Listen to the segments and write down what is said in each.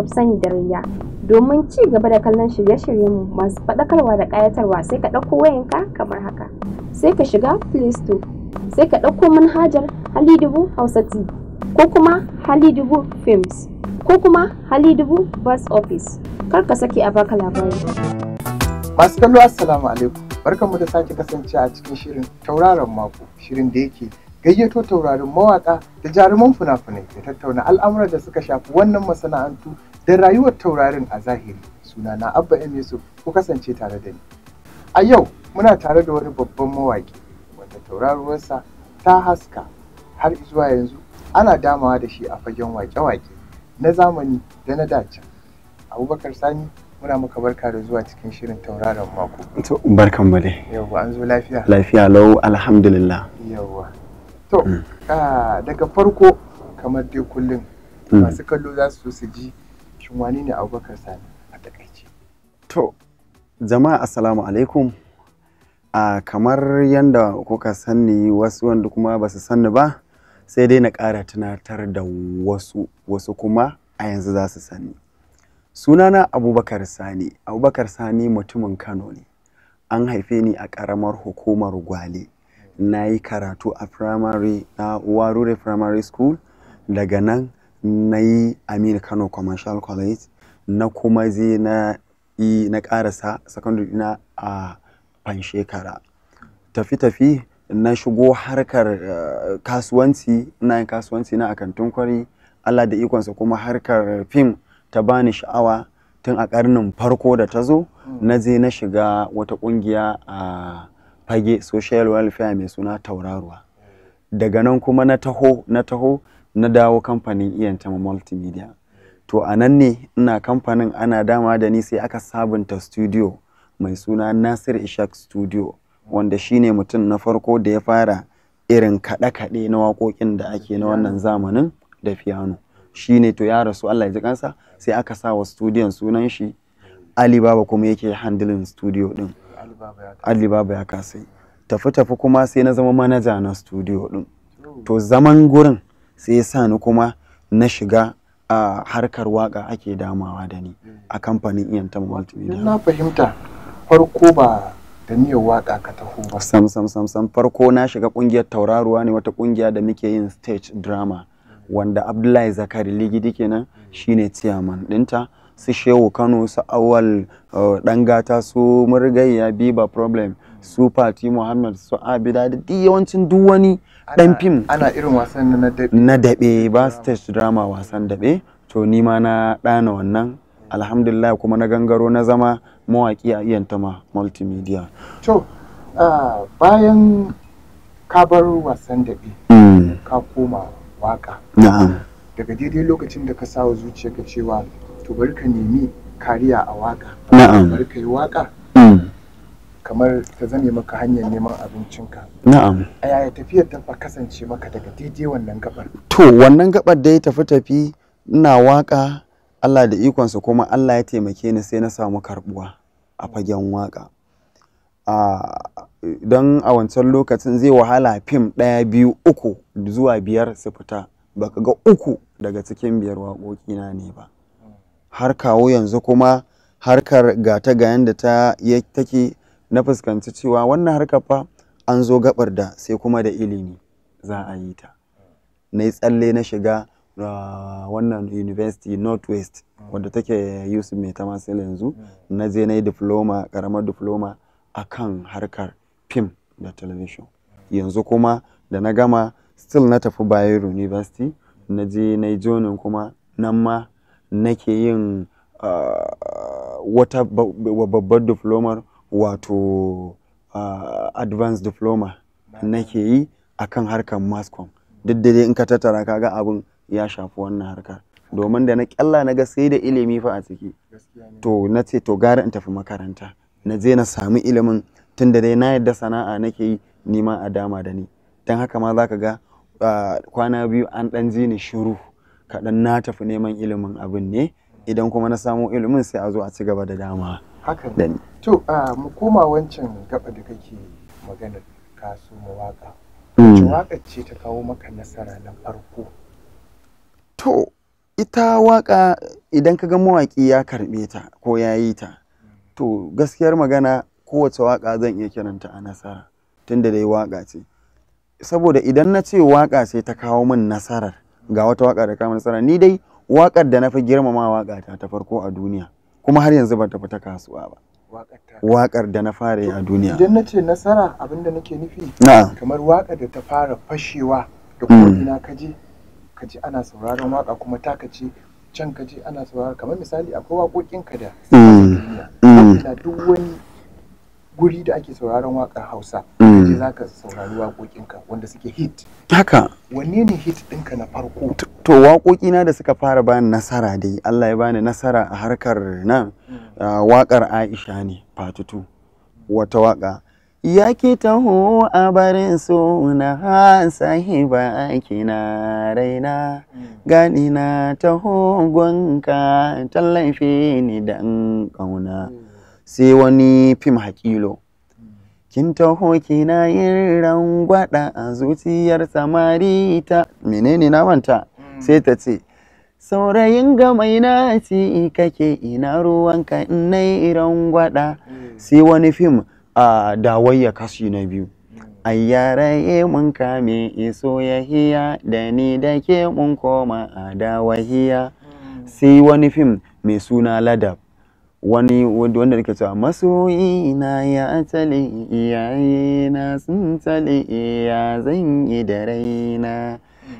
kuka sani da rayya. Domin ci gaba da kallon shirye-shiryenmu masu faɗakarwa da ƙayatarwa sai ka ɗauko wayanka kamar haka. Sai ka shiga Play Store, sai ka ɗauko manhajar Halidubu Hausa T ko kuma Halidubu Films ko kuma Halidubu Bus Office. Kar ka sake a baka labari. Masu kallo Assalamu alaikum. Barkanmu da sake kasance a cikin shirin tauraron mako, shirin da yake gayyato taurarin mawaƙa da jaruman fina da tattauna al'amuran da suka shafi wannan masana'antu da rayuwar taurarin a zahiri suna na abba m yusuf ku kasance tare da ni a yau muna tare da wani babban mawaƙi wanda tauraruwarsa ta haska har zuwa yanzu ana damawa da shi a fagen waƙe wake na zamani da na dace abubakar sani muna muka barka da zuwa cikin shirin tauraron mako to barkan mu dai an zo lafiya lafiya lau alhamdulillah yawwa to mm. ah, daga farko kamar dai kullum mm. masu kallo za su su ji wani ne abubakar sani a takaice to jama'a assalamu alaikum a kamar yadda kuka sani wasu wanda kuma ba su sani ba sai dai na ƙara tunatar da wasu wasu kuma a yanzu za su sani sunana abubakar sani abubakar sani mutumin kano ne an haife ni a ƙaramar hukumar gwale na yi karatu a primary na warure primary school daga nan na yi aminu kano commercial college na kuma zai na yi na ƙarasa secondary na a fan shekara tafi-tafi na shigo harkar eh, kasuwanci ina yin kasuwanci na kantin kwari allah da ikonsa kuma harkar fim ta bani sha'awa tun a karnin farko da ta zo mm. na je na shiga wata kungiya a fage social welfare mai suna tauraruwa daga nan kuma na taho na taho na dawo kamfanin iyantama multimedia to a nan ne ina kamfanin ana dama da ni sai aka sabunta studio mai suna nasir ishak studio wanda shine mutum na farko da ya fara irin kaɗe-kaɗe na waƙoƙin da ake na wannan zamanin da fiyano shine to ya rasu allah ya ji kansa sai aka sa wa studion sunan shi alibaba kuma yake handling studio din alibaba ya kasai tafi-tafi kuma sai na zama manaja na studio din to zaman gurin sai ya sa ni kuma na shiga a harkar waka ake damawa da ni a kamfanin iyanta multimedia na fahimta farko ba da niyo waka ka taho ba sam sam sam sam farko na shiga kungiyar tauraruwa ne wata kungiya da muke yin stage drama wanda Abdullahi Zakari Ligidi kenan shine chairman dinta su Shehu Kano su Awal Dangata uh, su Murgayya Biba Problem su Fati Muhammad su Abida da yawancin duk wani dan fim ana irin wasan na daɓe na daɓe ba stage drama wasan daɓe to ni ma na ɗana wannan alhamdulillah kuma na gangaro na zama mawaƙi a iyan ma multimedia to bayan ka bar wasan daɓe mm. ka koma waka na'am daga daidai lokacin da ka sawa ka cewa to bari ka nemi kariya a waka na'am bari ka waka mm. kamar ta zame maka hanyar neman abincinka na'am a yaya tafiyar ta fa kasance maka daga daidai wannan gabar to wannan gabar da ya tafi tafi ina waka Allah da ikonsa kuma Allah ya taimake ni sai na samu karbuwa a fagen waka a don a wancan lokacin zai wahala fim ɗaya biyu uku zuwa biyar su fita baka ga uku daga cikin biyar waƙoƙina ne ba har kawo yanzu kuma harkar gata ga yanda ta take na fuskanci cewa wannan harkar fa an zo gabar da sai kuma da ilimi za a yi ta na yi tsalle na shiga ah, wannan university west wadda take yusuf mai ta masu yanzu na je na yi diploma karamar diploma a kan harkar fim da television yanzu kuma da na gama still na tafi bayero university na je na yi jonin kuma nan ma nake yin ah, wata babbar diplomar wato uh, advanced diploma nake yi a kan harkar mascom duk da dai in ka tattara kaga abin ya shafi wannan harka domin da na kyalla na ga sai da ilimi fa a ciki to na ce to gara in tafi makaranta na je na sami ilimin tun da dai na yadda sana'a nake yi nima a dama da ni don haka ma za ka ga kwana biyu an ɗan ji ni shiru kaɗan na tafi neman ilimin abin ne idan kuma na samo ilimin sai a zo a ci gaba da dama da ni to mu koma wancan gaba da kake magana maganar so mu waka. Waka ce ta kawo maka nasara na farko to ita waƙa idan ka ga mawaƙi ya karɓe ta ko ya yi ta to gaskiyar magana kowace waka zan iya kiranta a nasara tunda dai waƙa ce saboda idan na ce waƙa ce ta kawo min nasarar ga wata waƙa da kawo nasara ni dai waƙar da na fi girmama waƙa ta ta farko a duniya kuma har yanzu ba ta fita kasuwa ba waƙar da na fara a duniya idan na ce nasara abinda nake nufi kamar waƙar da ta fara fashewa da hmm. kuma ina kaje kaji ana sauraron waƙa kuma ta kaci can kaji ana sauraron kamar misali akwai waƙoƙinka da hmm. hmm. duk wani guri da ake sauraron waƙar hausa je mm. za ka saurari waƙoƙinka wanda suke hit haka wanne ne hit ɗinka na farko to waƙoƙina da suka fara bani nasara dai allah ya bani nasara a harkar nan mm. uh, waƙar aisha ne fatutu wata waƙa ya ki taho a barin suna ake na, raina mm. gani na taho gwanka tallafi ni dan ƙauna sai wani fim haƙilo kin taho kina yin rangwada a zuciyar samari ta menene na manta mm. sai ta ce saurayin ga mai kake ina ruwanka ina nai rangwada mm. sai wani fim a dawayya kashi na biyu mm. ai yi mun kame iso ya hiya? da ni da ke mun koma a dawahiya sai wani fim mai suna ladab wani wanda nake cewa masoyi na ya tale iyaye na sun tale iya zan yi da raina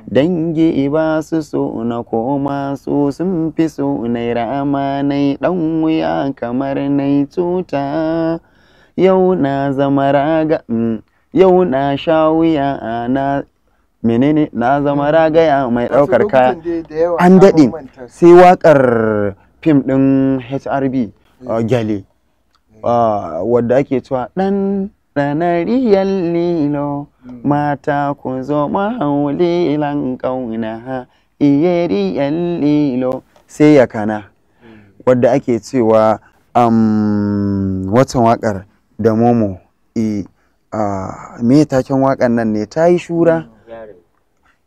dangi ba su so na koma su sun fi so na rama na dan wuya kamar na tuta yau na zama raga mm, yau na sha wuya na menene na zama ragaya mai daukar kaya an daɗi sai waƙar fim ɗin hrb uh, eh. gyale eh. Uh, wadda ake cewa ɗan ɗanariyar lilo hmm. mata ku zo mahaulilan ƙauna iyeriyar lilo sai ya kana hmm. wadda ake cewa um, watan waƙar da momo e, uh, me taken waƙar nan ne ta yi shura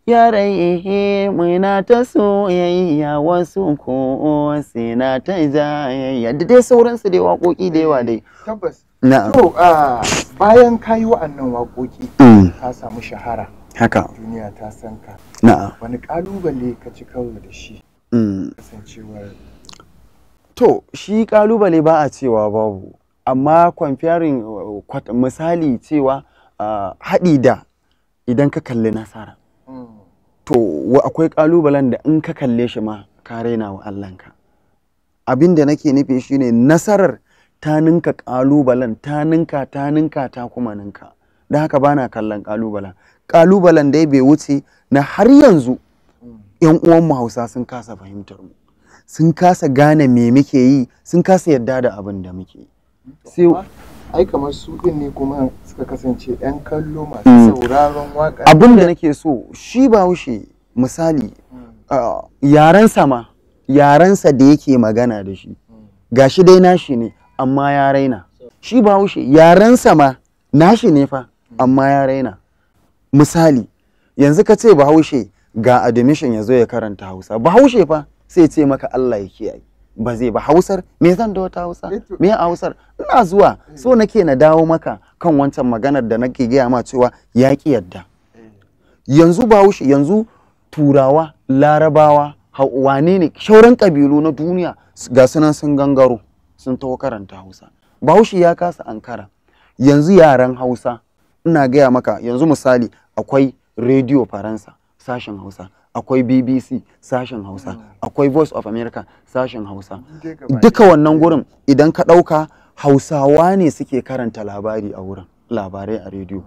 Yaraihe muna ta soyayya wasu ko na ta zayayya da dai sauransu dai waƙoƙi da yawa dai. Eh, tabbas. Na'am. To bayan ka yi wa'annan waƙoƙi mm. ka samu shahara. Haka. Duniya ta san ka. Na'a. Wani ƙalubale ka ci karo da shi. Mm. Kasancewar. To shi ƙalubale ba a cewa babu amma kwamfiyarin uh, misali cewa uh, haɗi da idan ka kalli nasara. to akwai ƙalubalen da in ka kalle shi ma ka raina wa Allahnka abin da nake nufi shine nasarar ta ninka ƙalubalen ta ninka ta ninka ta kuma ninka da haka bana kallon ƙalubalen ƙalubalen dai bai wuce na har yanzu yan uwanmu hausa sun kasa fahimtar mu sun kasa gane me muke yi sun kasa yadda da abin da muke yi ai kamar su din ne kuma suka kasance yan kallo masu hmm. sauraron waka abin da nake so shi ba wushe misali hmm. ah, yaren sama yarensa da yake magana da shi hmm. gashi dai nashi ne amma ya raina shi ba yaren yarensa ma nashi ne fa amma ya raina misali yanzu ka ce ba bahaushe ga admission ya zo ya karanta hausa ba bahaushe fa sai ce maka Allah ya kiyaye ba zai ba hausar me zan da wata hausa eh me a hausar ina zuwa so nake na dawo maka kan wancan maganar da nake gaya ma cewa ya ki yadda eh. yanzu ba yanzu turawa larabawa wane ne shauran kabilu na duniya ga sunan sun gangaro sun taho karanta hausa Ba bahaushe ya kasa ankara yanzu yaran hausa ina gaya maka yanzu misali akwai rediyo faransa sashen hausa akwai bbc sashen hausa mm. akwai voice of america sashen hausa duka wannan gurin idan ka ɗauka hausawa ne suke karanta labari a wurin labarai a rediyo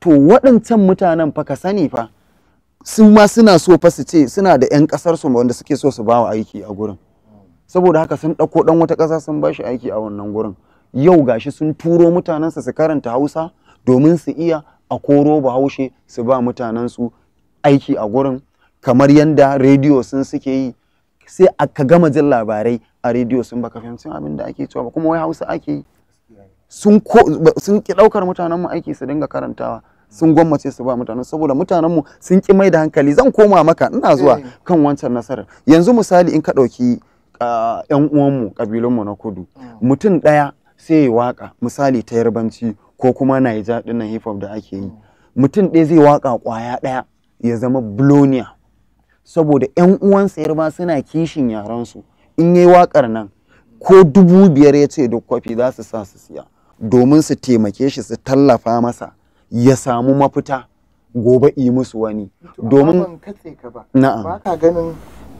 to waɗancan mutanen fa ka sani fa su ma suna so fa su ce suna da 'yan ƙasar su wanda suke so su bawa aiki a gurin saboda haka sun ɗauko ɗan wata ƙasa sun ba shi aiki a wannan gurin yau gashi sun turo mutanensa su karanta hausa domin su iya a koro bahaushe su ba mutanen su aiki a gurin kamar yadda rediyo sun suke yi sai aka gama jin labarai a rediyo sun baka fahimci abin da ake cewa ba kuma wai hausa ake yi sun ko sun ki daukar mutanen mu aiki su dinga karantawa sun gwammace su ba mutanen saboda mutanen mu sun ki mai da hankali zan koma maka ina zuwa eh. kan wancan nasarar yanzu misali in ka ɗauki yan uwanmu kabilun mu na kudu mm. mutum ɗaya sai ya waka misali ta yarbanci ko kuma naija nan hip hop da ake yi mm. mutum ɗaya zai waka kwaya ɗaya ya zama blonia saboda yan uwansa yarba suna kishin yaransu in yayi wakar nan ko dubu biyar ya ce duk kwafi za su sa su siya domin su taimake shi su tallafa masa ya samu mafita gobe yi musu wani domin na'am ba ka ganin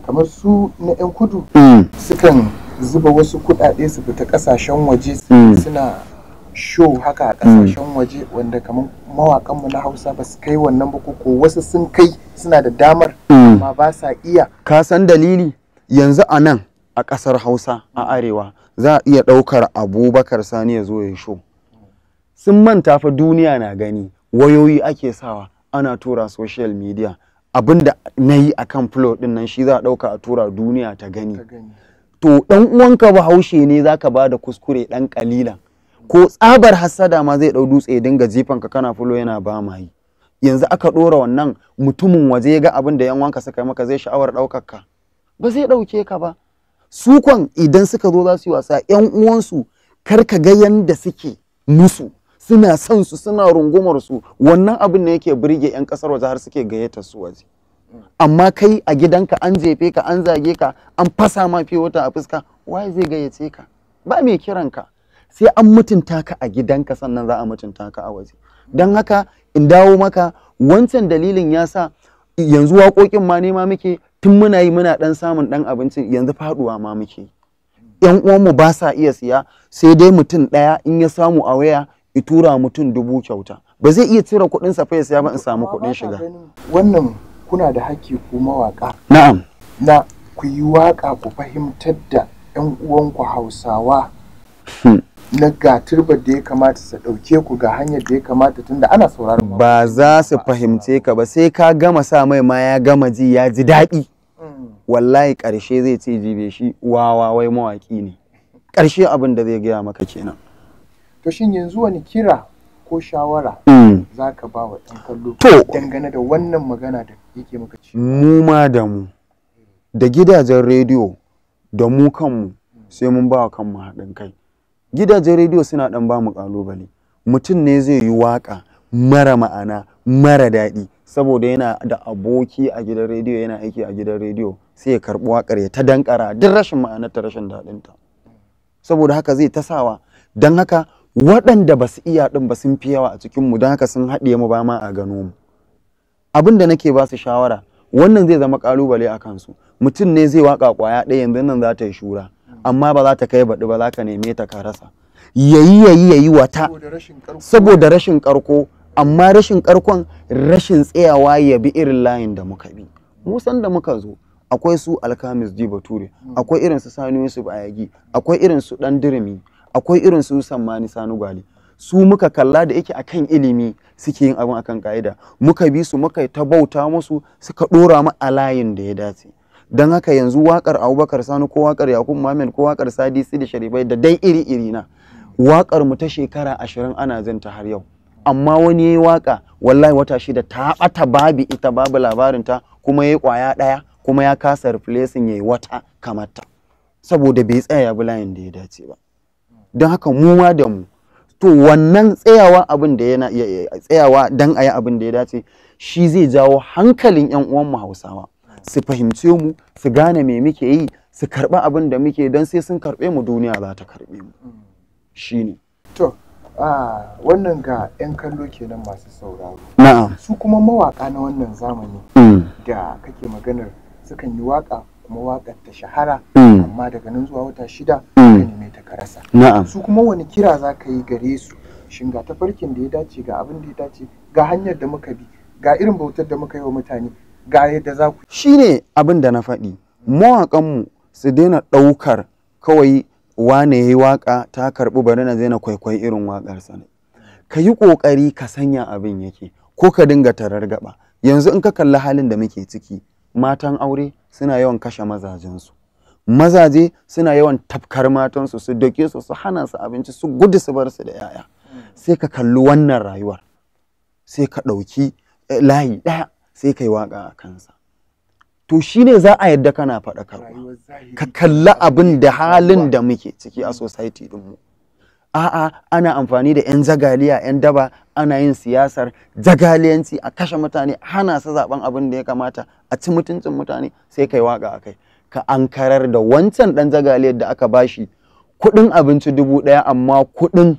kamar su na yan kudu mm. sukan zuba wasu kudade su fita kasashen waje mm. suna show haka a kasashen mm. waje wanda kamar mawakanmu na hausa ba su kai wannan ba ko wasu sun kai suna da damar mm. amma ba sa iya ka san dalili yanzu a nan a ƙasar hausa a arewa za a iya ɗaukar abubakar sani ya zo ya show sun manta fa duniya na gani wayoyi ake sawa ana tura social media abin da na yi a kan flow din nan shi za a ɗauka a tura duniya ta gani to ɗan uwanka bahaushe ne za ka ba da kuskure ɗan ƙalilan ko tsabar hassada ma zai ɗau dutse ya dinga jifan ka kana fulo yana ba mai yanzu aka dora wannan mutumin waje ya ga abin da yan wanka suka yi maka zai sha'awar ɗaukaka. ka ba zai ɗauke ka ba su kon idan suka zo za su yi wasa yan uwansu kar ka ga yanda suke musu suna son su suna rungumar su wannan abin ne yake burge yan kasar waje har suke gayyata su waje amma kai a gidanka an jefe ka an zage ka an fasa ma wata a fuska waye zai gayyace ka ba mai kiran ka sai an mutunta ka a gidanka sannan za a mutunta ka a waje don haka in dawo maka wancan dalilin ya sa yanzu waƙoƙin ma nema muke tun muna yi muna ɗan samun ɗan abincin yanzu faɗuwa ma muke yan uwanmu ba sa iya siya sai dai mutum ɗaya in ya samu a waya ya tura mutum dubu kyauta ba zai iya cire kuɗin sa ya ba in samu kuɗin shiga wannan kuna da haƙƙi ku mawaƙa na'am na ku yi waƙa ku fahimtar da yan uwanku hausawa Hmm. na ga turbar da ya kamata su ɗauke ku ga hanyar da ya kamata tunda ana sauraron ba za su fahimce ka ba sai ka gama sa mai ma ya gama ji ya ji daɗi hmm. wallahi ƙarshe zai ce jibe shi wawa wai mawaƙi ne ƙarshe abin da zai gaya maka kenan to shin yanzu wani kira ko shawara hmm. za ka ba wa ɗan kallo dangane da wannan magana da yake maka ci mu ma da mu da gidajen rediyo da mu kanmu sai mun ba wa kanmu haɗin kai gidajen rediyo suna dan ba mu kalubale mutum ne zai yi waka mara ma'ana mara daɗi saboda yana da aboki a gidan rediyo yana aiki a gidan rediyo sai ya karɓi waƙar ya ta dankara duk rashin ma'ana ta rashin daɗin ta saboda haka zai ta sawa don haka waɗanda ba su iya ɗin ba sun fi yawa a cikin mu dan haka sun haɗe mu ba ma a gano mu abin da nake ba su shawara wannan zai zama kalubale a kansu mutum ne zai waka ƙwaya ɗaya yanzu nan za ta yi shura amma ba za ta kai baɗi ba za ka neme ta ka rasa yayi yayi yayi wata saboda rashin karko amma rashin karkon rashin tsayawa ya bi irin layin da muka bi musan da muka zo akwai su alkamis di bature hmm. akwai irin su sani yusuf ayagi akwai irin su dan dirimi akwai irin su sammani sanu gwali su muka kalla da yake akan ilimi suke yin abin akan ka'ida muka bi su muka ta bauta musu suka dora mu a layin da ya dace don haka yanzu wakar abubakar sani ko wakar yakub muhammad ko wakar sadi sidi sharifai da dai iri iri na wakar mu ta shekara ashirin ana zanta har yau amma wani ya yi waka wallahi wata shida ta bata babi ita babu labarin ta kuma yi kwaya daya kuma ya kasa replacing yi wata kamar ta saboda bai tsaya ya bi da ya dace ba don haka mu ma da mu to wannan tsayawa abin da yana tsayawa dan yi abin da ya dace shi zai jawo hankalin yan uwan mu Hausawa su fahimce mu su gane me muke yi su karɓi abin da muke don sai sun karɓe mu duniya za ta karɓe mu ne to wannan ga 'yan kallo kenan masu sauraro. Na'am. Su kuma mawaka na wannan zamani mm. da kake maganar sukan yi waƙa kuma waƙar ta shahara mm. amma daga nan zuwa wata shida mm. ka ne ta karasa. Na'am. Su kuma wani kira za ka yi gare su shin ga tafarkin da ya dace ga abin da ya dace ga hanyar da muka bi ga irin bautar da muka yi wa mutane ga yadda za ku Shi ne abin da na faɗi mawaƙanmu su daina ɗaukar kawai wane yi waƙa ta karɓi bari na zai na kwaikwai irin waƙar sa ka yi ƙoƙari ka sanya abin yake ko ka dinga tarar gaba yanzu in ka kalli halin da muke ciki matan aure suna yawan kashe mazajensu mazaje suna yawan tafkar matansu su doke su su hana su abinci su gudu su bar su da yaya sai ka kalli wannan rayuwar sai ka ɗauki eh, layi ɗaya sai kai waka a kansa to shine za a yadda kana faɗakarwa ka kalla abin da halin da muke ciki a society din mu a'a ana amfani da 'yan zagaliya 'yan daba ana yin siyasar zagaliyanci a kashe mutane hana su zaben abin da ya kamata a ci mutuncin mutane sai kai waka akai ka ankarar da wancan dan zagaliyar da aka bashi kuɗin abinci dubu ɗaya amma kuɗin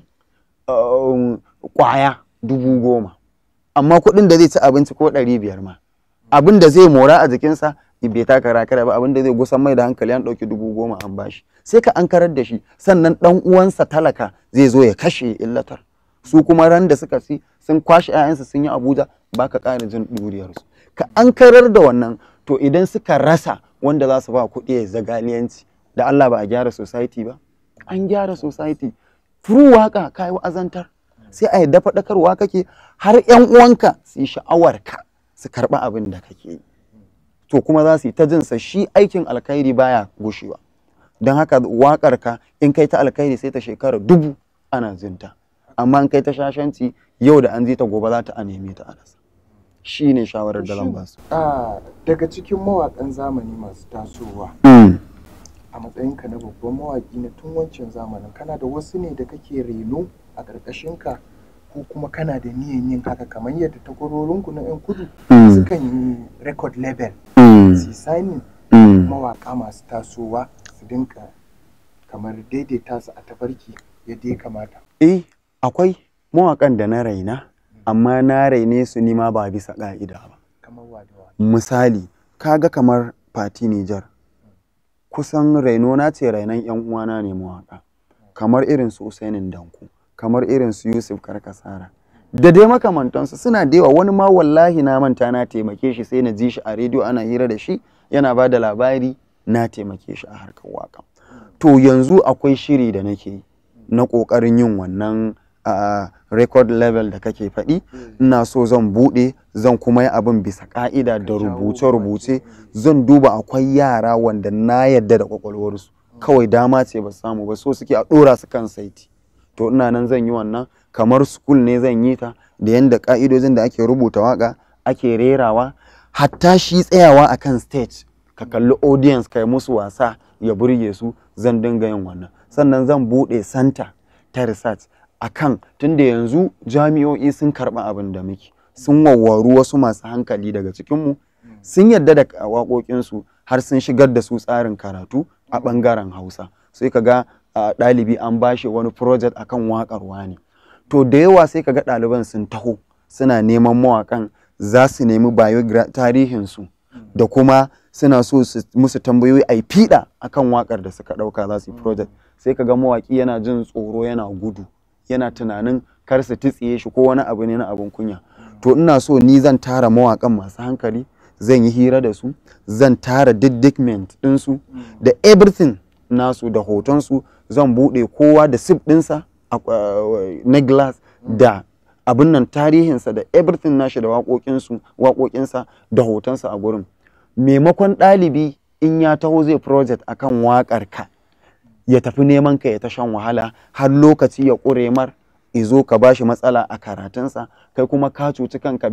kwaya um, dubu goma amma kuɗin da zai ci abinci ko ɗari biyar ma abin da zai mora a jikinsa bai taka rakara ba abin da zai gusan mai da hankali an ɗauki dubu goma an bashi sai ka ankarar da shi sannan ɗan uwansa talaka zai zo ya kashe illatar su kuma ran da suka ci sun kwashe 'ya'yansa sun yi abuja ba ka ƙara jin ɗuriyarsu ka ankarar da wannan to idan suka rasa wanda za su ba kuɗi ya zagaliyanci da allah ba a gyara society ba an gyara society furu waka kayi wa'azantar sai a yadda faɗakarwa kake har yan uwanka su yi sha'awar ka su karɓi abin da kake yi to kuma za su yi ta jin sa shi aikin alkhairi baya gushewa don haka wakar ka in kai ta alkhairi sai ta shekara dubu ana zinta amma in kai ta shashanci yau da an ta gobe za ta a neme ta a shi ne shawarar da zan basu ah, daga cikin mawakan zamani masu tasowa mm. a matsayinka na babban mawaki na tun wancan zamanin kana da wasu ne da kake reno a ka ko kuma kana da niyan yin haka kamar yadda takwarorinku na 'yan kudu mm. sukan yi record label mm. su sani mm. mawaka masu tasowa su dinka kamar daidaita su a tafarki yadda ya kamata eh akwai mawakan da na raina amma na raine su nima ba bisa ƙa'ida ba misali kaga kamar fati nijar kusan raino na ce rainon 'yan uwana ne mawaka kamar irin su usainin danku kamar irin su Yusuf Karkasara da dai makamantansu suna da yawa wani ma wallahi na manta na taimake shi sai na ji shi a rediyo ana hira da shi yana ba da labari na taimake shi a harkar waka to yanzu akwai shiri da nake na ƙoƙarin yin wannan a record level da kake faɗi ina so zan buɗe zan kuma yi abin bisa ƙa'ida da rubuce-rubuce zan duba akwai yara wanda na yadda da ƙwaƙwalwarsu kawai dama ce ba samu ba so suke a ɗora su kan saiti to ina nan zan yi wannan kamar school ne zan yi ta da yanda ka'idojin da ake rubuta waka ake rerawa hatta shi tsayawa akan stage ka kalli audience kai musu wasa ya burge su zan dinga yin wannan sannan zan bude santa ta research akan tunda yanzu jami'o'i sun karba abin da muke sun wawwaru wasu masu hankali daga cikin mu sun yadda da waƙoƙinsu har sun shigar da su tsarin karatu a ɓangaren hausa sai ka ga ɗalibi an ba bashi wani project kan wakar wani to da yawa sai kaga ɗaliban sun taho suna neman mawaƙan za su nemi tarihinsu da kuma suna so su musu tambayoyi a fiɗa akan waƙar da suka ɗauka za su yi project sai kaga mawaƙi yana jin tsoro yana gudu yana tunanin kar su titsiye shi ko wani abu ne na abin kunya to ina so ni zan tara mawakan masu hankali zan yi hira da su zan tara diddigment ɗinsu da everything nasu da hoton su. zan buɗe kowa da sip ɗinsa na glass da abin nan tarihinsa da everything nashi da waƙoƙinsa da hotonsa a gurin maimakon ɗalibi in ya taho zai project a kan wakar ka ya tafi neman ka ya ta shan wahala har lokaci ya ƙure mar izo ka ba shi matsala a karatunsa kai kuma ka cuci kanka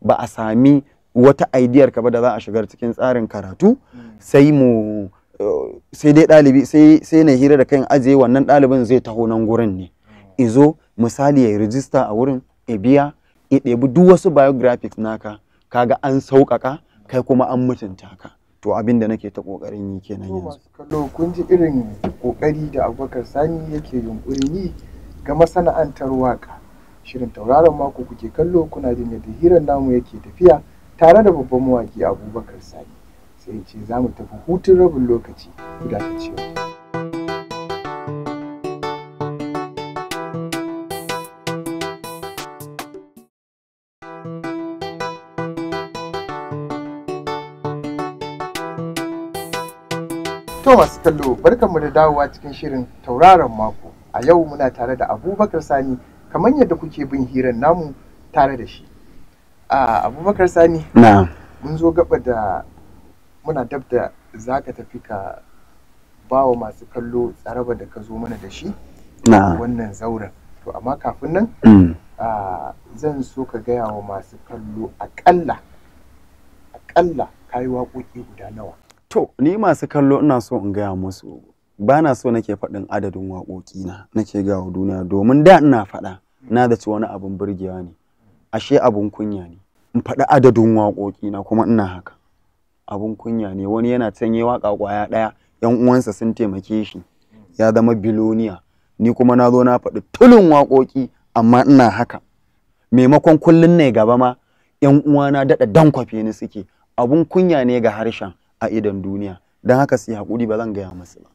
ba a sami wata idiyar ka ba da za a shigar cikin tsarin karatu sai mu sai dai ɗalibi sai sai na hira da kan ajiye wannan ɗalibin zai taho nan gurin ne oh. izo misali ya yi rijista a wurin ya biya ya ɗebi duk wasu biographics naka kaga an sauƙaƙa kai kuma an mutunta ka to abin da nake ta ƙoƙarin yi kenan yanzu kallo kun ji irin ƙoƙari da Abubakar Sani yake yunkurin yi ga masana'antar waƙa. shirin tauraron mako kuke kallo kuna jin yadda hirar namu yake tafiya tare da babban mawaki Abubakar Sani sai ce za mu tafi hutun rabin lokaci guda ta ciwo To masu kallo barkanmu da dawowa cikin shirin tauraron mako. A yau muna tare da Abubakar Sani kamar yadda kuke bin hirar namu tare da shi. Ah, Abubakar Sani. Mun zo gaba da muna dab da za ka tafi ka ba wa masu kallo tsaraba da ka zo mana da shi wannan zauren to amma kafin nan mm. zan so ka gaya wa masu kallo akalla akalla ka yi waƙoƙi guda nawa to ni masu kallo ina so in gaya musu ba na so nake faɗin adadin waƙoƙi na nake wa duniya domin da ina faɗa na da ci wani abin burgewa ne ashe abin kunya ne in faɗi adadin waƙoƙi na kuma ina haka abun kunya ne wani yana can yi waka kwaya daya yan uwansa sun taimake shi ya zama biloniya ni kuma na zo na faɗi tulun waƙoƙi amma ina haka maimakon kullun ne gaba ma yan uwana daɗa dankwafe ni suke abun kunya ne ga harshen a idan duniya don haka sai haƙuri ba zan gaya musu ba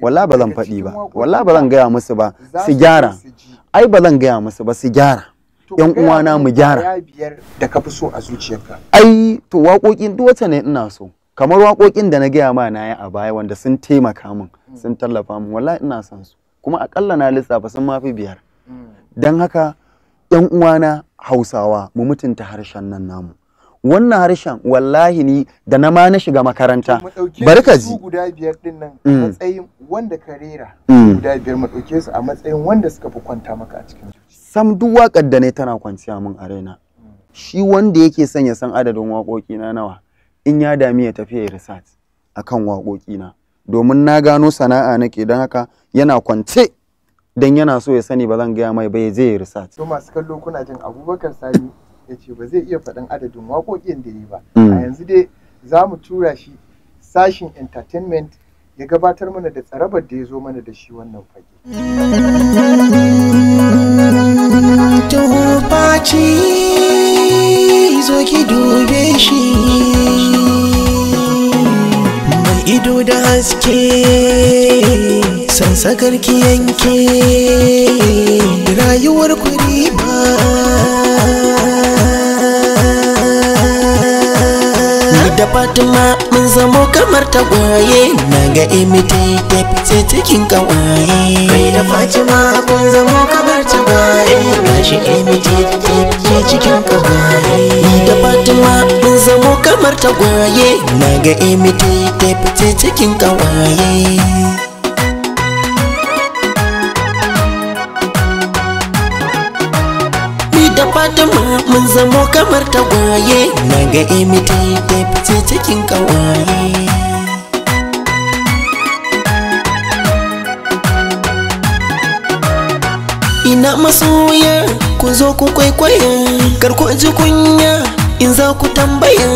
walla ba zan faɗi ba walla ba zan gaya musu ba su gyara ai ba zan gaya musu ba su gyara yan uwana mu gyara da ka fi so a zuciyarka ai to waƙoƙin duk wata ne ina so kamar waƙoƙin da na gaya ma na yi a baya wanda sun taimaka min sun tallafa min wallahi ina son su kuma akalla na lissafa sun mafi biyar mm. don haka yan uwana hausawa mu mutunta harshen nan namu wannan harshen wallahi ni da na ma na shiga makaranta bari ka ji guda biyar din nan a mm. matsayin wanda ka rera mm. guda biyar mu dauke su a matsayin wanda suka fi kwanta maka a cikin sam duk waƙar da ne tana kwanciya min a raina shi wanda yake son ya san adadin waƙoƙi na nawa in ya dami ya tafi ya research akan waƙoƙi na domin na gano sana'a nake don haka yana kwance dan yana so ya sani ba zan gaya mai ba ya je ya research to masu kallo kuna jin Abubakar Sani ya ce ba zai iya faɗin adadin waƙoƙin da ya ba a mm. yanzu dai za mu tura shi sashin entertainment ya gabatar mana da tsarabar da ya zo mana da shi wannan fage ci zo ki dube shi mai ido da haske san sakar ki yanke rayuwar ku riba fatima mun zamo kamar tagwaye na ga imitated fice cikin kawaye kai da fatima mun zamo kamar tagwaye na shi imitated fice cikin kawaye ni da fatima mun zamo kamar tagwaye na ga imitated fice cikin kawaye da fatima mun zamo kamar tagwaye na ga emita da fice cikin kawaye ina masoya ku zo ku kwaikwaya kar ku ji kunya in za ku tambaya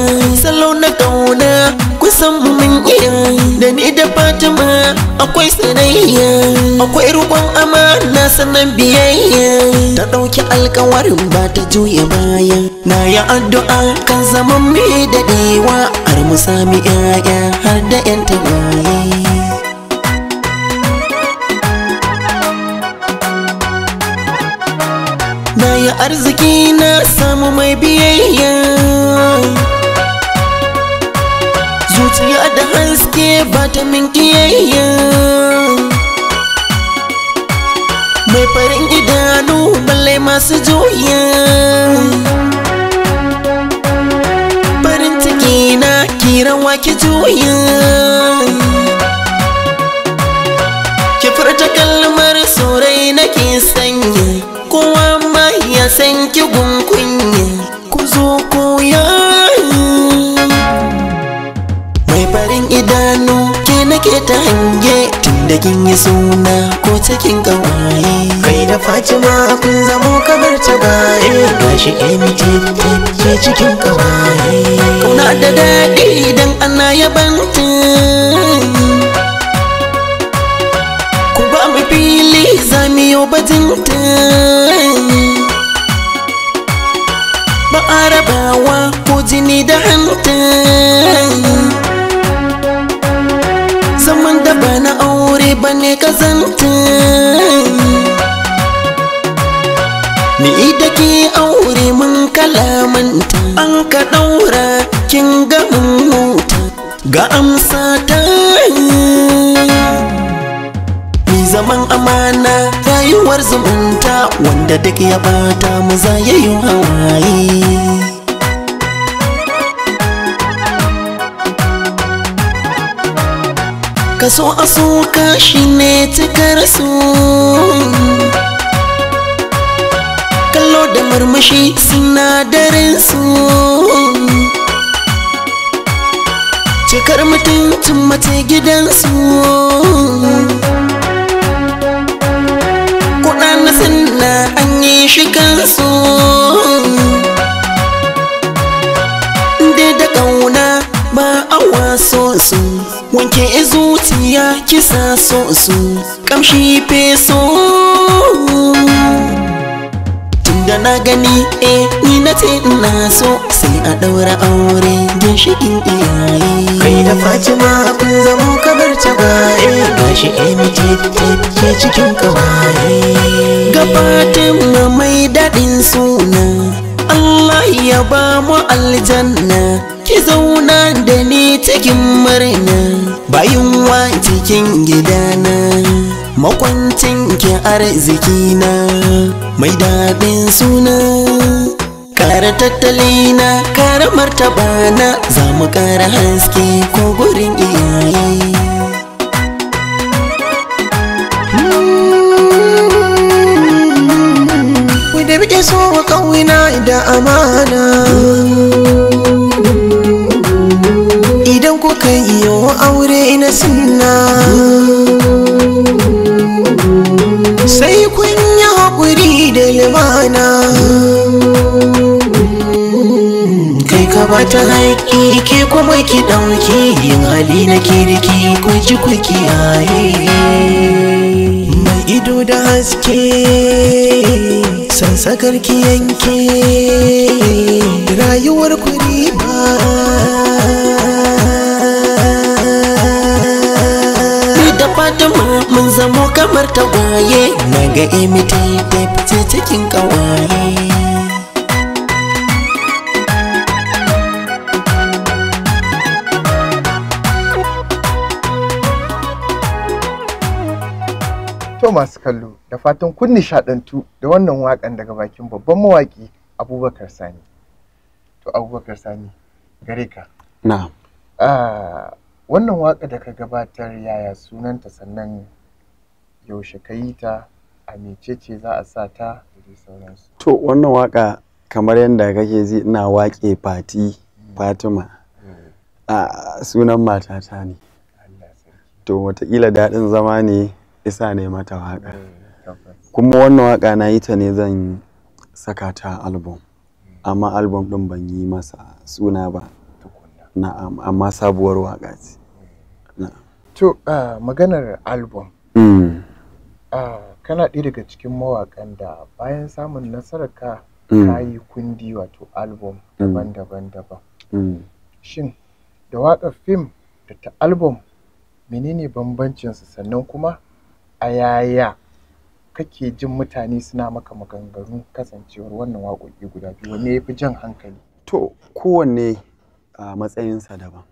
salo na kauna kusan mun iya da ni da fatima akwai sanayya akwai rubon amana sanan biyayya ta ɗauki alkawarin ba ta juya baya na ya addu'a kan zaman mai daɗewa har mu sami 'ya'ya har da 'yan tawaye. na yi arziki na samu mai biyayya zuciya da haske ba ta min kiyayya mai farin idanu balle masu juya farin ciki na kiran wake juya da kin yi suna ko cikin kawai kai da fatima kun zamo kamar ta baye gashi mt ke cikin kawai kuna da daɗi idan ana yabanta ku ba mu fili za mu yi bajinta ba arabawa ko jini da hanta kai ba ne kazantin ni da ke aure mun kalamanta an ka daura kin ga mun huta ga amsa ta ni zaman amana rayuwar zumunta wanda duk ya bata mu za hawaye kaso a suka shi ne cikar su kallo da murmushi sinadarinsu cikar mutuncin mace gidansu kuɗa na sinna an yi da ƙauna ba a waso wanke zuciya kisa so su kamshi feso tunda na gani eh ni na ce ina so sai a daura aure ginshikin iyaye kai da fatima kun zamo kamar ta baye gashi eh mace ke cikin kawaye gabatin mu mai daɗin suna Allah ya ba mu aljanna zauna da ni cikin murna bayin wa cikin gidana makwancin ki na mai daɗin suna kara tattalina kara martabana za mu kara haske ko gurin iyaye da bike so da amana kai iyo aure na sunna sai kun yi haƙuri da limana kai ka ba ta haƙi ke kuma ki ɗauki yin hali na kirki ku ji ku kiyaye mai ido da haske sansakar ki yanke rayuwar ku riba tagwaye na ga imitated eh, fice cikin kawaye To masu kallo da fatan kun nishadantu da wannan wakan daga bakin babban mawaƙi Abubakar Sani. To Abubakar Sani gare ka. Na'am. Ah, wannan waka da ka gabatar yaya sunanta sannan yaushe ka yi ta a mecece za a sa ta da sauransu to wannan waƙa kamar yadda kake ji ina waƙe fati fatima a sunan matata ne to watakila daɗin zama ne isa ne mata waka eh, kuma wannan waƙa na yi ta ne zan saka ta album amma album ɗin ban yi masa suna ba na'am amma sabuwar waka ce eh. to ah, maganar album kana ɗaya daga cikin mawaƙan da bayan samun nasarar mm. ka yi kundi wato album mm. daban-daban daban. Mm. Shin da waƙar fim da ta album menene bambancinsu sannan kuma a yaya kake jin mutane suna maka maganganu kasancewar wannan waƙoƙi guda biyu wanne ya fi jan hankali? To kowanne a matsayinsa daban.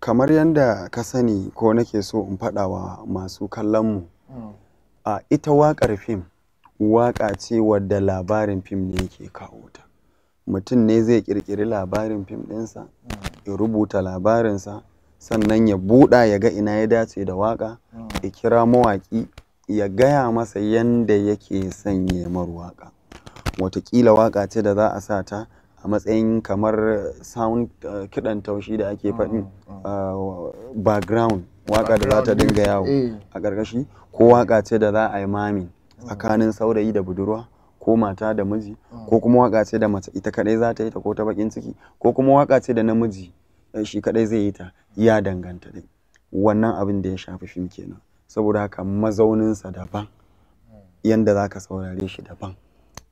Kamar yadda ka sani ko nake so in faɗa wa masu mu. a ita waƙar fim waƙa ce wadda labarin fim ne yake kawo ta mutum ne zai ƙirƙiri labarin fim ɗinsa ya rubuta labarinsa sannan ya buɗa ya ga ina ya dace da waƙa ya kira mawaƙi ya gaya masa yanda yake son mar waƙa watakila waƙa ce da za a sa ta a matsayin kamar sound eh, kiɗan taushi da ake faɗin mm, mm. Ah, background waka da za ta dinga yawo eh. a ƙarƙashi ko waka ce da za a yi mami tsakanin saurayi da budurwa ko mata da miji mm. ko kuma waka ce da mata ita kadai za ta yi ta ko ta bakin ciki ko kuma waka ce da namiji eh, shi kadai zai yi ta ya danganta dai wannan abin da ya shafi fim kenan saboda haka mazauninsa daban yanda za ka saurare shi daban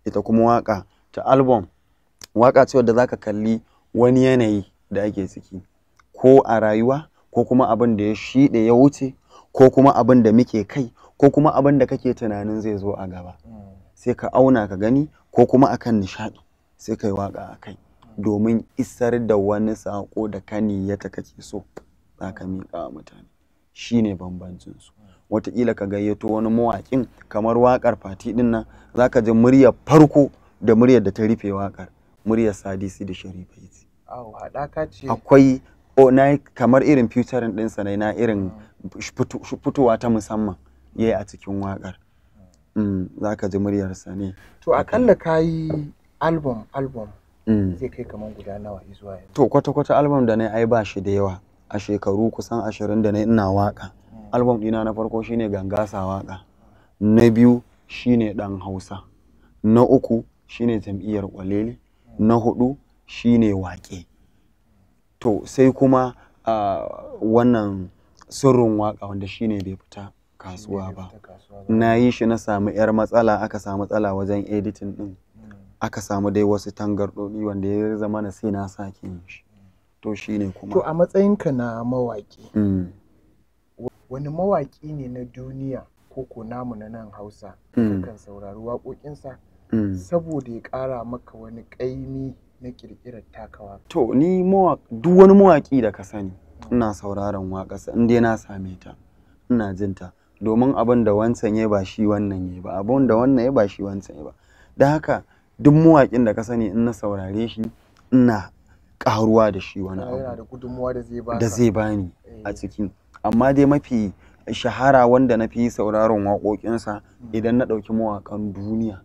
ita kuma waka ta album waka ce wadda za ka kalli wani yanayi da ake ciki ko a rayuwa ko kuma abin da ya shiɗe ya wuce ko kuma abin da muke kai ko kuma abin da kake tunanin zai zo a gaba sai ka auna ka gani ko kuma akan nishaɗi sai ka yi waƙa a kai domin isar da wani saƙo da kani ya ta kake so za ka miƙa wa mutane shi ne bambancin su wataƙila ka gayyato wani mawaƙin kamar waƙar fati ɗin nan za ka ji muryar farko da muryar da ta rufe waƙar muryar sadisi da sharifai akwai o oh, na kamar irin featuring ɗinsa ne na irin fitowa ta musamman ya yi a cikin waƙar mm, za ka ji muryarsa ne to akalla ka yi album album mm. zai kai kamar guda nawa zuwa yanzu to kwata-kwata album da na ai ba shi da yawa a shekaru kusan ashirin da na ina waƙa mm. album ɗina na farko shine gangasa waƙa na biyu shine ɗan hausa na uku shine jam'iyyar kwalele na hudu shine waƙe to sai kuma wannan sirrin waka wanda shine bai fita kasuwa ba na yi shi na samu 'yar matsala aka samu matsala wajen editin din aka samu dai wasu tangardoni wanda ya zama na sai na sake yin shi to kuma to a matsayinka na mawaki mm. wani mawaki ne na duniya koko namu na nan hausa mm. kan saurari waƙoƙinsa mm. saboda ya ƙara maka wani ƙaimi na ƙirƙirar taka waka? To ni duk wani mawaƙi da ka sani ina sauraron waƙarsa in dai na same ta ina jin ta domin abin da wancan ya ba shi wannan ya ba abin da wannan ya ba shi wancan ya ba da haka duk mawaƙin da ka sani in na saurare shi ina ƙaruwa da shi wani abu da zai bani a eh. ciki amma dai mafi shahara wanda na fi sauraron waƙoƙinsa hmm. idan na ɗauki mawaƙan duniya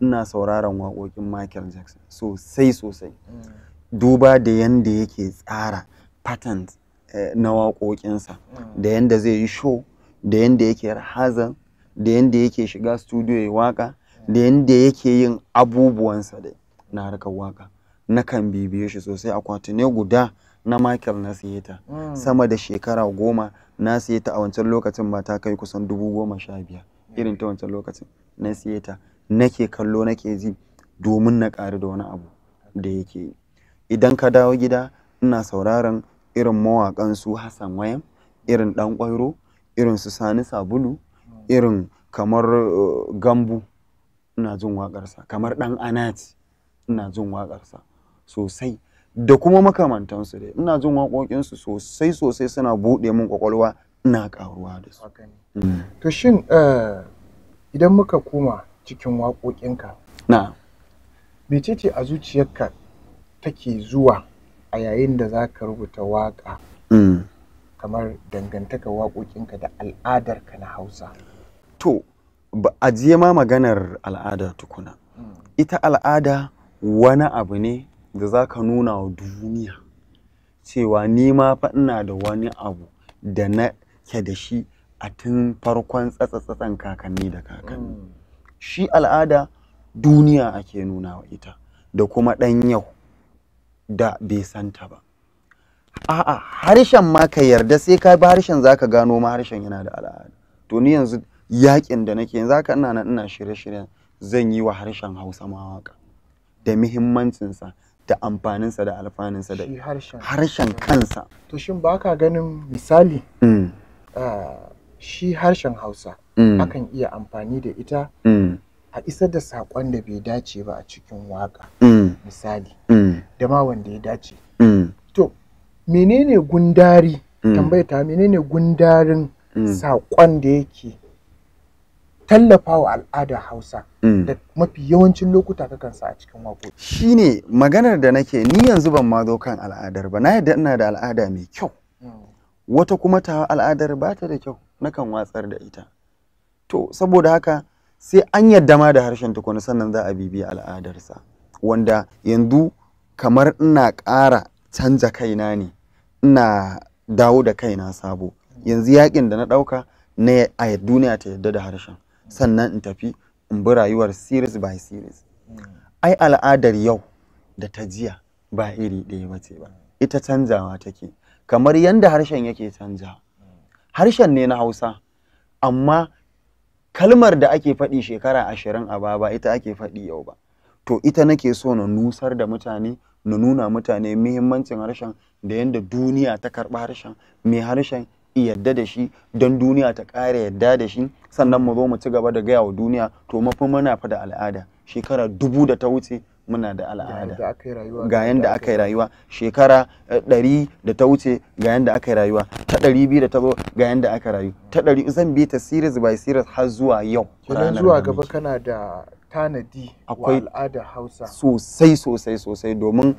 ina sauraron waƙoƙin Michael Jackson sosai sosai duba da yanda yake tsara patent eh, na waƙoƙinsa da yanda zai yi show da yanda yake rahazan da yanda yake shiga studio ya waka da yanda yake yin abubuwansa da na harkar waka na kan bibiye shi sosai akwatune guda na Michael na siyeta. sama da shekara goma na siyeta a wancan lokacin ba ta kai kusan dubu goma sha biyar irin ta wancan lokacin na siyeta. nake kallo nake ji domin na ƙari da wani abu da yake yi idan ka dawo gida ina sauraron irin mawaƙan su hassan wayan irin ɗan ƙwairo irin su sani sabulu irin kamar eh, gambu ina jin waƙarsa kamar ɗan anati ina jin waƙarsa sosai da kuma makamantansu dai ina jin waƙoƙinsu sosai sosai suna buɗe min ƙwaƙwalwa ina ƙaruwa da su mm. to shin eh, idan muka koma cikin waƙoƙinka na mecece a zuciyarka take zuwa a yayin da za ka rubuta waƙa mm. kamar dangantaka waƙoƙinka da al'adarka na hausa to ajiye ma maganar al'ada tukuna mm. ita al'ada wani abu ne da za ka nuna wa duniya cewa ni ma fa ina da wani abu da nake da shi a tun farkon tsatsatsan kakanni da kakanni mm. shi al'ada duniya ake nuna wa ita da kuma ɗan yau da bai santa ba a'a harshen ma ka yarda sai ka bi harshen zaka gano ma harshen yana da al'ada to ni yanzu yakin da nake yanzu haka ina nan ina shirye-shiryen zan yi wa harshen Hausa ma waka da muhimmancinsa da amfaninsa da alfaninsa da harshen kansa to shin ba ganin misali mm. ah, shi harshen hausa mm. akan iya amfani da ita mm. a isar da saƙon da bai dace ba a cikin waƙa mm. misali da ma wanda ya dace to menene gundari ta menene gundarin saƙon da yake tallafawa al'adar hausa da mafi yawancin lokuta kakan sa a cikin wako shine maganar da nake ni yanzu ban ma zo kan al'adar ba na yadda ina da al'ada mai kyau wata kuma ta al'adar ba ta da kyau nakan watsar da ita to saboda haka sai an yadda ma da harshen tukuna sannan za a bibiya al'adarsa wanda yanzu kamar ina ƙara canja kaina ne ina dawo da kaina sabo yanzu yakin da na ɗauka na a duniya ta yarda da harshen sannan in tafi in bi rayuwar series by series ai al'adar yau da ta jiya ba iri ɗaya ba ce ba ita canjawa take kamar yadda harshen yake canjawa harshen ne na hausa amma kalmar da ake faɗi shekara ashirin a baba ita ake faɗi yau ba to ita nake so na nusar da mutane na nuna mutane muhimmancin harshen da yadda duniya ta karɓi harshen mai harshen yadda da shi don duniya ta ƙara yadda da shi sannan mu zo mu ci gaba da gaya wa duniya to mafi muna fa da al'ada shekara dubu da ta wuce muna da al'ada ga yadda aka yi rayuwa shekara ɗari da ta wuce ga yadda aka yi rayuwa ta ɗari biyu da ta zo ga yadda aka rayu ta ɗari zan bi ta series by series har zuwa yau ranar zuwa gaba kana da tanadi wa al'ada hausa sosai sosai sosai domin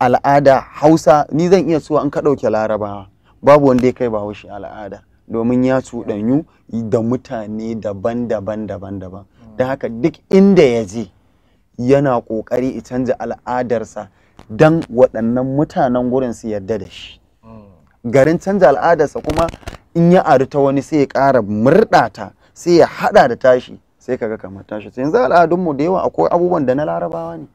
al'ada hausa ni zan iya cewa an ka ɗauke larabawa babu wanda ya kai bahaushe al'ada domin ya cuɗanyu da mutane daban-daban daban-daban don haka duk inda ya je yana ƙoƙari ya canza al'adarsa don waɗannan mutanen gurin su yarda da shi mm. garin canza al'adarsa kuma in ya aru ta wani sai ya ƙara murɗata, sai ya haɗa da tashi sai kaga kamar tashi sai yanzu al'adunmu da yawa akwai abubuwan da na larabawa ne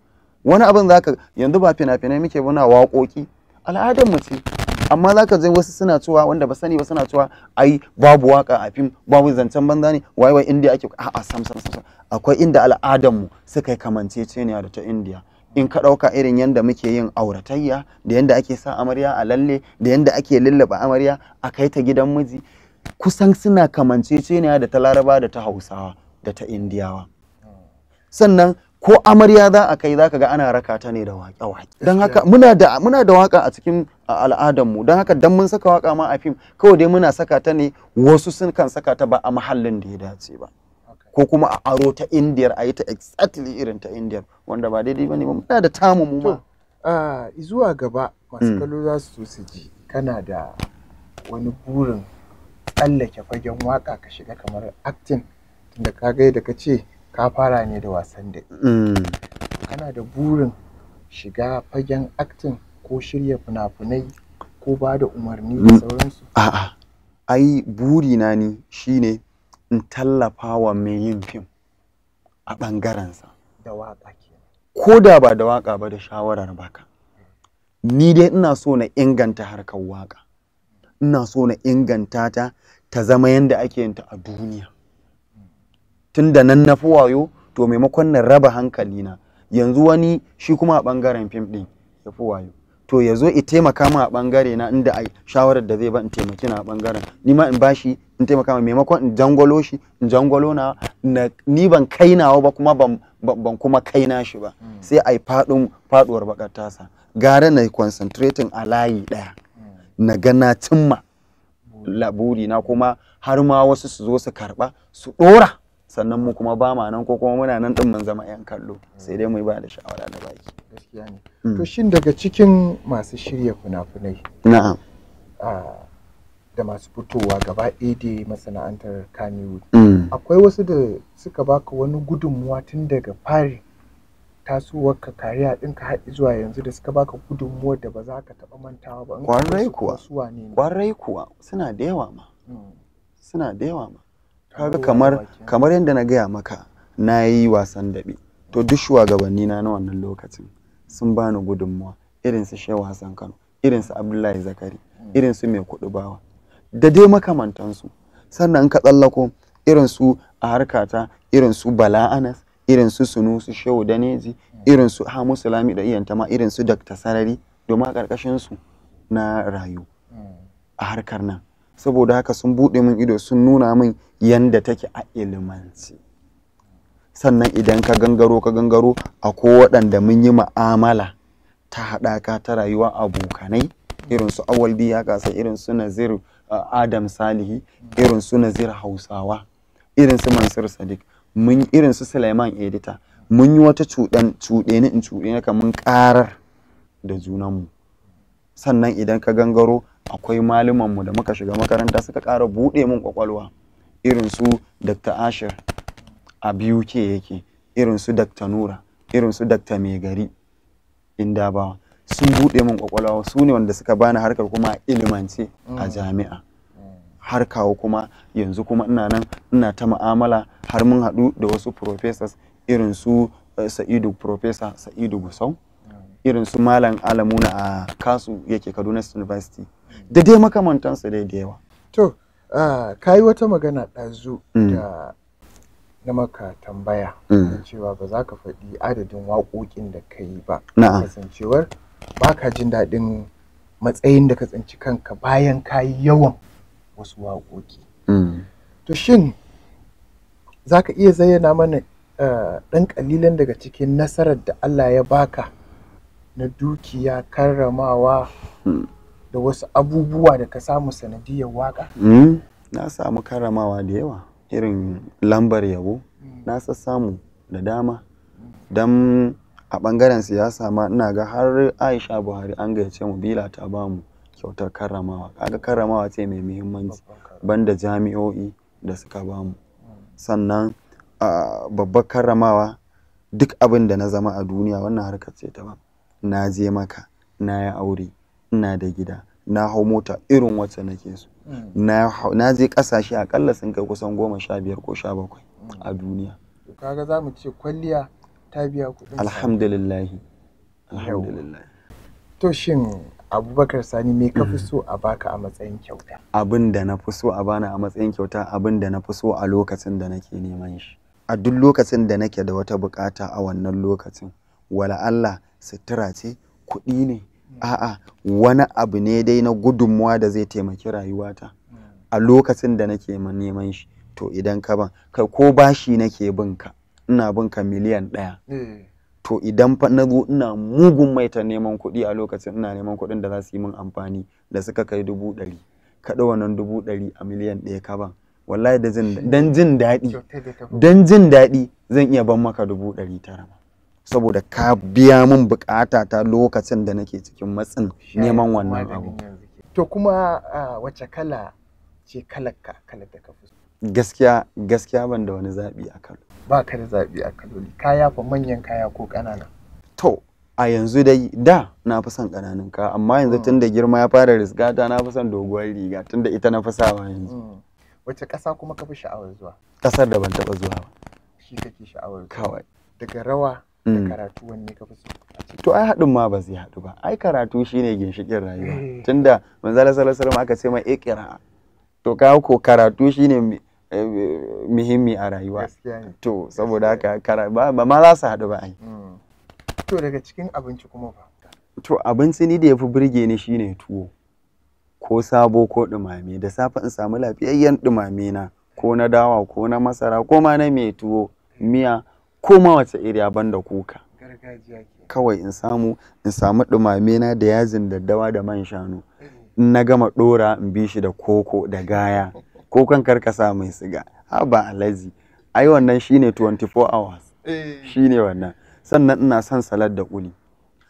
wani abin zaka yanzu ba fina-finai muke muna waƙoƙi al'adarmu ce amma za ka je wasu suna cewa wanda ba sani ba suna cewa ai babu waka a fim babu zancen banza ne wai wai indiya ake a'a sam sam sam akwai inda al'adar mu suka yi kamanceceniya da ta indiya in ka ɗauka irin yadda muke yin auratayya da yadda ake sa amarya a lalle da yadda ake lullaba amarya a kai ta gidan miji kusan suna kamanceceniya da ta laraba da ta hausawa da ta indiyawa sannan ko amarya za a kai za ka ga ana raka ta ne da waƙe waƙe don haka muna da waƙa a cikin a al'adarmu don haka dan mun saka waka ma a fim kawai dai muna saka ta ne wasu sun kan saka ta ba a mahallin da ya dace ba ko kuma a aro ta indiyar a yi ta exactly irin ta indiyar wanda ba daidai ba ne ba muna da tamu mu ma zuwa gaba masu mm. kallo za su su ji kana da wani burin tsallake fagen waka ka shiga kamar acting tunda ka ga da ka ce ka fara ne da wasan da mm. kana da burin shiga fagen acting ko shirya fina-finai ko ba da umarni da mm. sauransu a'a ai buri na ni shine in tallafa wa mai yin fim a ɓangarensa da waƙa ko da ba da waƙa ba da shawarar baka ni dai ina so na inganta harkar waƙa ina so na inganta ta ta zama yadda ake yin ta a duniya tun da nan na fi wayo to maimakon na raba hankalina yanzu wani shi kuma a ɓangaren fim ɗin ya fi wayo to ya zo i taimaka min a bangare na inda a shawarar da zai ba in taimaki na a bangaren ni ma in bashi in taimaka min maimakon in jangwalo shi in jangwalo na ni ban kai nawa ba kuma ban kuma kai na shi ba hmm. sai a yi faɗin faɗuwar bakar tasa gara na concentrating a layi ɗaya hmm. na ga na cimma laburi na kuma har ma wasu su zo su karɓa su ɗora sannan mu kuma ba ma nan ko kuma muna nan ɗin mun zama 'yan kallo hmm. sai dai mu yi ba da shawara da baki gaskiya ne hmm. to shin daga cikin masu shirya fina-finai na'am da masu fitowa gaba ɗaya masana'antar Kaniwood. Hmm. Akwai wasu da suka baka wani gudunmuwa tun daga fari tasowar ka kariya ɗinka haɗi zuwa yanzu da suka baka gudunmuwar da ba za ka taɓa mantawa ba. Kwarai kuwa, kwarai kuwa suna da yawa ma, hmm. suna da yawa ma. Kaga kamar kamar yadda na gaya maka na yi wasan daɓe, to duk shugabanni na na wannan lokacin. sun bani gudunmuwa irin su Shehu Hassan Kano irinsu Abdullahi Zakari irinsu su Mai Kudu Bawa da dai makamantansu sannan ka tsallako irinsu a harkata irinsu Bala'anas, irinsu Anas irin su Sunusu Shehu Daneji irin su Hamusu Lami da iyanta ma irin su Sarari domin a karkashinsu na rayu a harkar nan saboda haka sun buɗe min ido sun nuna min yanda take a ilimance. sannan idan ka gangaro ka gangaro akwai waɗanda mun yi ma'amala ta haɗaka ta rayuwa abokanai irin su awaldi ya kasa irin su nazir uh, adam salihi irin su nazir hausawa irin su mansur sadiq mun irin su suleiman edita mun yi wata cuɗan cuɗe ni in cuɗe naka mun ƙarar da junanmu sannan idan ka gangaro akwai malumanmu da muka shiga makaranta suka ƙara buɗe mun kwakwalwa irin su dr ashir a BUK yake irin su dakta Nura irin su gari inda Indabawa sun buɗe min kwakwalwa su ne wanda suka bani harkar kuma ilimance a mm. jami'a mm. har kawo kuma yanzu kuma ina nan ina ta ma'amala, har mun haɗu da wasu professors irin su eh, Sa'idu Professor Sa'idu Gusau mm. irin su Malam Alamuna a Kasu yake Kaduna University da dai makamantansu dai da yawa to ah, ka wata magana ɗazu da na maka tambaya mm. cewa ba za ka faɗi adadin waƙoƙin da ka yi ba kasancewar ba ka jin daɗin matsayin da ka tsinci kanka bayan ka yi yawan wasu waƙoƙi mm. to shin za ka iya zayyana mana eh, ɗan ƙalilan daga cikin nasarar da Allah ya baka na dukiya karramawa mm. da wasu abubuwa da ka samu sanadiyar waƙa? na samu karramawa da yawa irin lambar yabo mm. na samu da dama don a ɓangaren siyasa ma ina ga har aisha buhari an gayyace mu bila ta ba mu kyautar karramawa kaga karramawa ce mai muhimmanci banda jami'o'i da suka ba mu mm. sannan babbar karramawa duk abin da na zama a duniya wannan harkar ce ta ba na je maka na yi aure ina da gida na hau mota irin wacce nake so Mm. na je kasashe akalla sun kai kusan goma sha biyar ko sha bakwai mm. a duniya kaga za mu ce kwalliya ta biya kuɗin alhamdulillah alhamdulillah to shin abubakar sani me ka fi so a baka a matsayin kyauta abin da na fi so a bana a matsayin kyauta abin da na fi so a lokacin da nake neman shi a duk lokacin da nake da wata bukata a wannan lokacin wala Allah sutura ce kuɗi ne a'a wani abu ne dai na gudunmuwa da zai taimaki rayuwata a lokacin da nake neman shi to idan ka ban ko bashi nake bin ina bin miliyan ɗaya eh. to idan fa na zo ina mugun mai ta neman kuɗi a lokacin ina neman kuɗin da za su yi min amfani da suka kai dubu ɗari kaɗa wannan dubu ɗari a miliyan ɗaya ka ban wallahi da jin daɗi daɗi zan iya ban maka dubu ɗari tara saboda ka biya min bukata ta lokacin da nake cikin matsin neman wannan abu to kuma wace kala ce kalar ka kalar da ka fi gaskiya gaskiya ban da wani zabi a kalo ba ka da zabi a kaloli kaya fa manyan kaya ko ƙanana to a yanzu dai da na fi son ƙananun ka. amma yanzu mm. tun da girma ya fara risga ta na fi son doguwar riga tun da ita na fi sawa yanzu mm. wace ƙasa kuma ka fi sha'awar zuwa ƙasar da ban taɓa zuwa ba shi kake sha'awar kawai daga rawa da mm. karatu wanne ka fi so to ai haɗin ma ba zai haɗu ba ai karatu shine ginshikin rayuwa eh. tunda manzala sallallahu alaihi aka ce mai iqra to ka ko karatu shine eh, muhimmi a rayuwa to saboda haka ba ma za su haɗu ba ai mm. to daga cikin abinci kuma ba to abinci ni da ya fi burge ni shine tuwo ko sabo ko ɗumame da safe in samu lafiyayyen ɗumame na ko na dawa ko na masara ko ma na mai tuwo miya koma wace iriya da kuka kawai in samu in samu dumame na da yazin daddawa da man shanu in na gama dora in bi shi da koko da gaya kokon karkasa mai siga haba alaji ai wannan shine 24 hours eh. shine wannan sannan ina son salad da kuli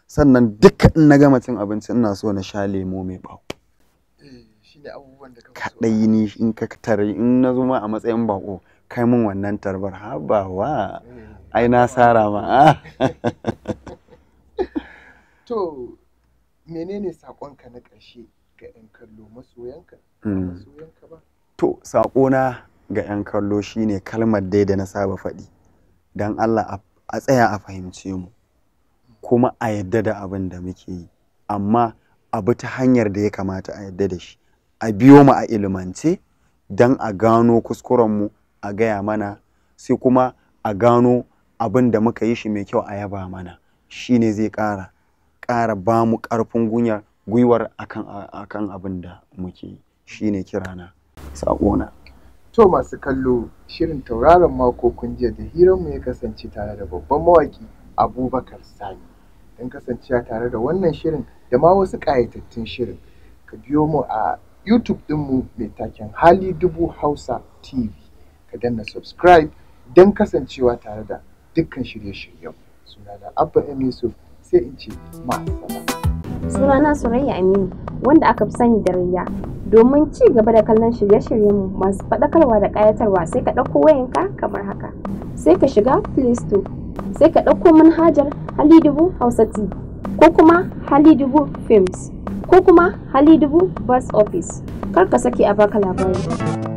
sannan duka in na gama cin abinci ina so na sha lemo mai bawo eh, kaɗai ni in ka tare in na zo ma a matsayin bako kai min wannan tarbar haba wa eh. ai na sara ma to menene saƙonka na ƙarshe ga 'yan kallo masoyanka hmm. masoyanka ba to saƙona ga 'yan kallo shine kalmar dai da na saba faɗi don allah a tsaya a fahimce mu kuma a yadda da abin da muke yi amma abu ta hanyar da ya kamata a yadda da shi a biyo mu a ilimance don a gano kuskuren mu a gaya mana sai kuma a gano abin da muka yi shi mai kyau a yaba mana shi ne zai ƙara ƙara ba mu ƙarfin gunyar gwiwar akan abin da muke shi ne kirana saƙona to masu kallo shirin tauraron mako kun jiya da mu ya kasance tare da babban mawaƙi abubakar sani don kasancewa tare da wannan shirin da ma wasu ƙayatattun shirin ka biyo mu a youtube mu mai taken hali dubu hausa tv ka danna subscribe don kasancewa tare da dukkan shirye-shiryen sunana abba m sai in ce ma'asala sunana surayya aminu wanda aka fi sani da rayya domin ci gaba da kallon shirye-shiryenmu masu faɗakarwa da kayatarwa sai ka ɗauko wayanka kamar haka sai ka shiga play store sai ka ɗauko manhajar halidubu hausa t ko kuma halidubu films ko kuma hali dubu bus office kar ka sake a baka labari